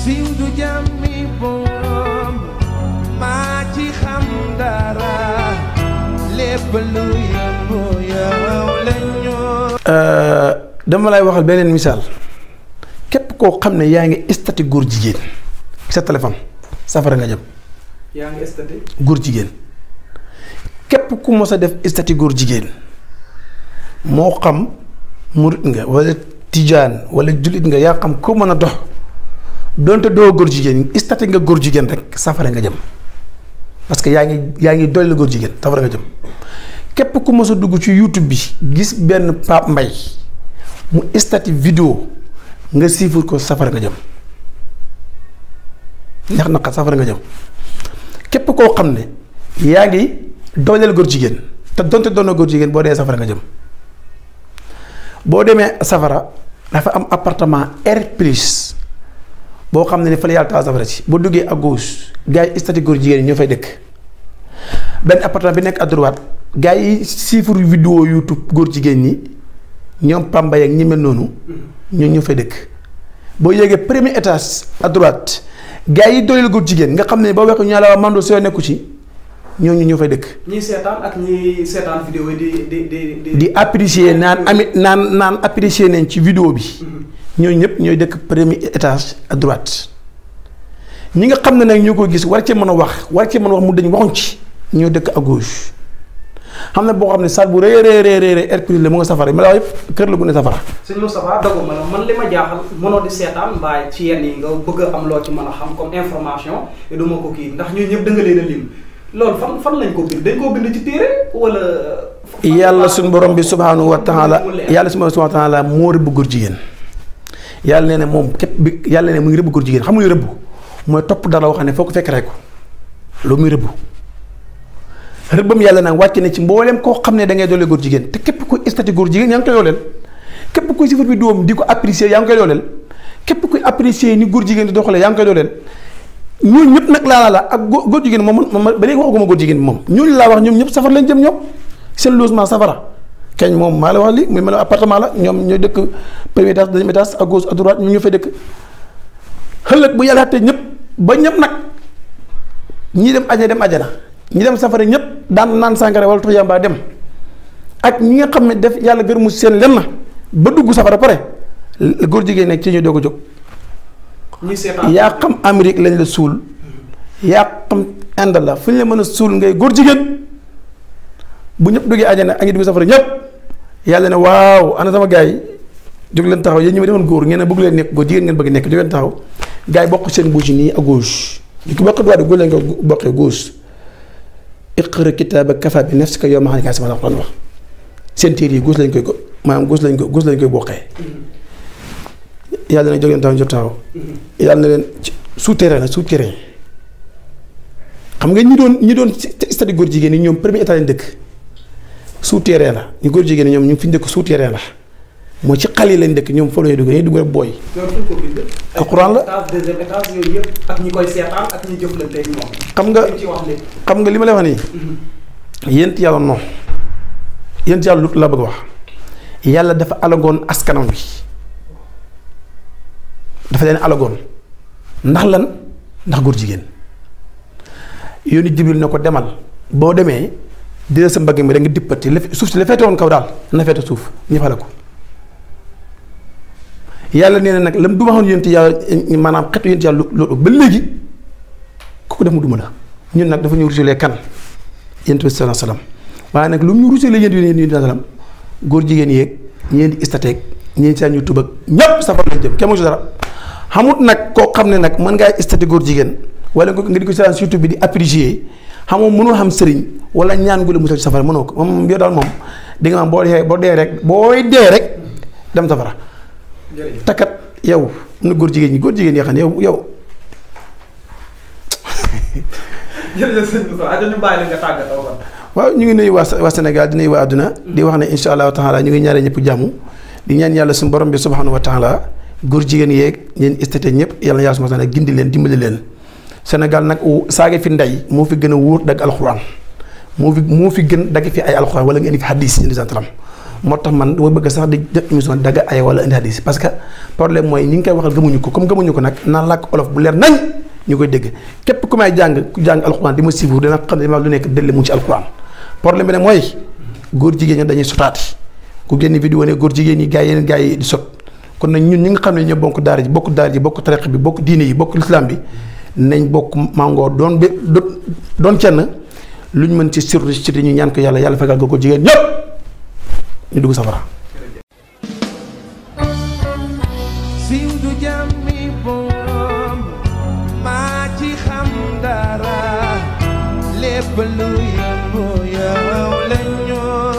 Euh, dama lay waxal benen misal kep ko xamne ne yaa estati góor jigéen sa téléphone safara nga jëm yaa estati gor jigen kep ku mos def estati gor jigen mo xam murit nga wala tidiane wala julit nga Ya xam ko meuna dox donte do gor jigen istate nga gor jigen rek safara nga dem parce que yaangi yaangi yaa gor jigen safara nga dem kep ku mës a dugg ci youtube bi gis ben pap mbay mu istati video nga sifur ko safara nga dem neex na ka safara nga dem kep ko xamne yaangi yaa gor jigen ta jigéen do donte doona góor jigéen boo safara nga dem bo demee safara dafa am appartement R plus bo xamne ni fa la yàlla taasafara ci bo duggé à gauche gaay yi stati góor jigéen ñoo fay dëkk benn appartement bi nek à droite gaay yi vidéo youtube gor jigen ni ñom pamba yak ñi mel nonu ñu ñoo fay dëkk boo yéegee premier étage à droite gaay doyel gor jigen nga xamne ne wéxu ñala ñaa mando so nekku ci ñooñu ñu fay dëkk. ñi sétan ak ñi sétan vidéo di di di. di apprécier nan amit nan nan apprécier nañ ci vidéo bi. Mm-hmm ñoy ñep ñoy dekk premier étage à droite ñi nga xamne nak ñoko gis war ci mëna wax war ci mëna wax mu dañ waxon ci ñu dekk à gauche xamne bo xamne xam salle bu re re re re re hercule la mo nga safara mala yef keur kër la gu ne safara. sëñ Moustapha dogu ma man lima ma jaaxal mënoo di seetaan mbaa ci yenn yi nga bëgg am lo ci mëna xam comme information et duma ko ki ndax ñoy ñep dëngalé na lim lool fan fan lañ ko bind dañ ko bind ci téré wala. yalla sun borom bi subhanahu wa taala yalla subhanahu wa taala mo re bu góor yeen yàlla nee na moom képp bi yàlla ne mu ngi rëbb góor jigéen xam nga rëbb mooy topp dara loo xam ne foo ko fekk rek ko loolu muy rëbb rëbbam yàlla nag wàcc na ci mbooleem koo xam ne da ngay doole góor jigéen te képp kuy statut góor jigéen yaa ngi koy yooleel képp kuy sifar bi ko apprécier yaa ngi koy képp kuy apprécier ni góor jigéen di doxalee yaa ngi koy yooleel ñooñu ñëpp nag laa la ak góor jigéen moom man ba léegi waxaguma góor jigéen moom ñooñu laa wax ñoom ñëpp safara lañ jëm ñoom seen logement safara kañ mom maa la wax li muy mel appartement la ñom ñooy dëkk premier étage deuxième étage à gauche à droite ñu ñu fay dëkk xëlëk bu yàlla àttee ñëpp ba ñëpp nak ñi dem aja dem aja ajana ñi dem safara ñëpp daan nan sàngara wala tuya yàmbaa dem ak ñi nga xamné def yalla gërëmu seen lenn ba dugg safara paré góor jigéen nekk ci ñu dogu jog ñi sétan ya xam Amérique lañ la sul ya xam Inde la fu ñu la mën a ngay góor jigéen bu ñëpp duggé aja na ngi dugg safara ñëpp yalla ne waw ana sama gay jog len taxaw yéen ñi ma defon goor ngeen bëgg len nek go jigen ngeen bëgg nek jog len taxaw gay bokk seen bouche ni a gauche ñu ko bokk droit go len ko bokk gauche iqra kitaaba kafa bi nafsika yawma hanika sama la wax seen téere yi gauche lañ koy ko maanaam gauche lañ ko gauche lañ koy bokké yalla na jog len taxaw ñu taxaw yàlla na leen souterrain la souterrain xam nga ñi doon ñi doon stade goor jigen ni ñom premier état lañ dëkk souterrain na ñu góor jigéen ñoom ñu fi ñu dëkk souterrain la mooy ci xal yi lañ dëkk ñoom fa la ñuy dugg dañuy dugg la koy seetaan ak ñi jëflante xam nga xam nga li ma lay wax nii. Mhm. yéen yàlla la bëgg wax yàlla dafa alagoon askanam bi dafa leen alagoon ndax lan ndax góor jigéen yoonu Jibril na ko demal boo demee. dina sa mbagg mi da nga dippati suuf si la feete woon kaw daal na feete suuf ñëfale ko yàlla nee na nag lam duma xoon ti yàlla maanaam xetu yonti yàlla loolu ba léegi ku ko def mu duma la ñun nag dafa ñu rusalee kan yonent bi sallallahu alayhi nag lu ñu rusalee yonent bi yonent bi góor jigéen yeeg ñeen di istateeg saa ñu tubag ñëpp safar lañ jëm kenn mu ci dara xamut nag koo xam ne nag mën ngaa istate góor jigéen wala nga di ko seetaan surtout bi di apprécier xamoo mënoo xam sëriñ wala ñaan gu la musal safara mëno ko mom bi dal mom di nga bo dé bo dé rek boy dé rek dem safara. takat yow am gor góor jigéen ñi góor jigéen ñi xam yow yow. jërëjëf ñu ko. ngi nuyu di nuyu wa aduna di wax ne inshallah taala ñu ngi ñaaree ñep jamu di ñaan yalla sun borom bi subhanahu wa taala góor jigéen yeeg ñeen istete ñëpp yalla na yàlla suma gindi leen dimbali leen Sénégal nag saage fi ndey moo fi gën a wóor dagg alxuraan moo fi moo fi gën dagg fi ay alxuraan wala nga indi fi hadis indi santaram moo tax man dama bëgg sax di def émission dagg ay wala indi hadis parce que problème mooy ñi ngi koy waxal gëmuñu ko comme gëmuñu ko nag naa làkk olof bu leer nañ ñu koy képp ku may jàng ku jàng alxuraan di ma siifu dina ne dama nekk dëlle mu ci alxuraan problème bi nag mooy góor jigéen ñi dañuy sotaati ku génn vidéo ne góor jigéen ñi gars yeneen gars yi di sot kon nag ñu ñi nga xam ne ñoo bokk daara ji bokk daara ji bokk tariq bi bokk diine yi bokk lislaam bi nañ bokk mango doon bi doon cenn luñ mën ci surtout ci ñu ñaan ko yàlla yàlla fegal ko ko jigéen ñëpp ñu dugg safara siiw du lu yëngu yëngu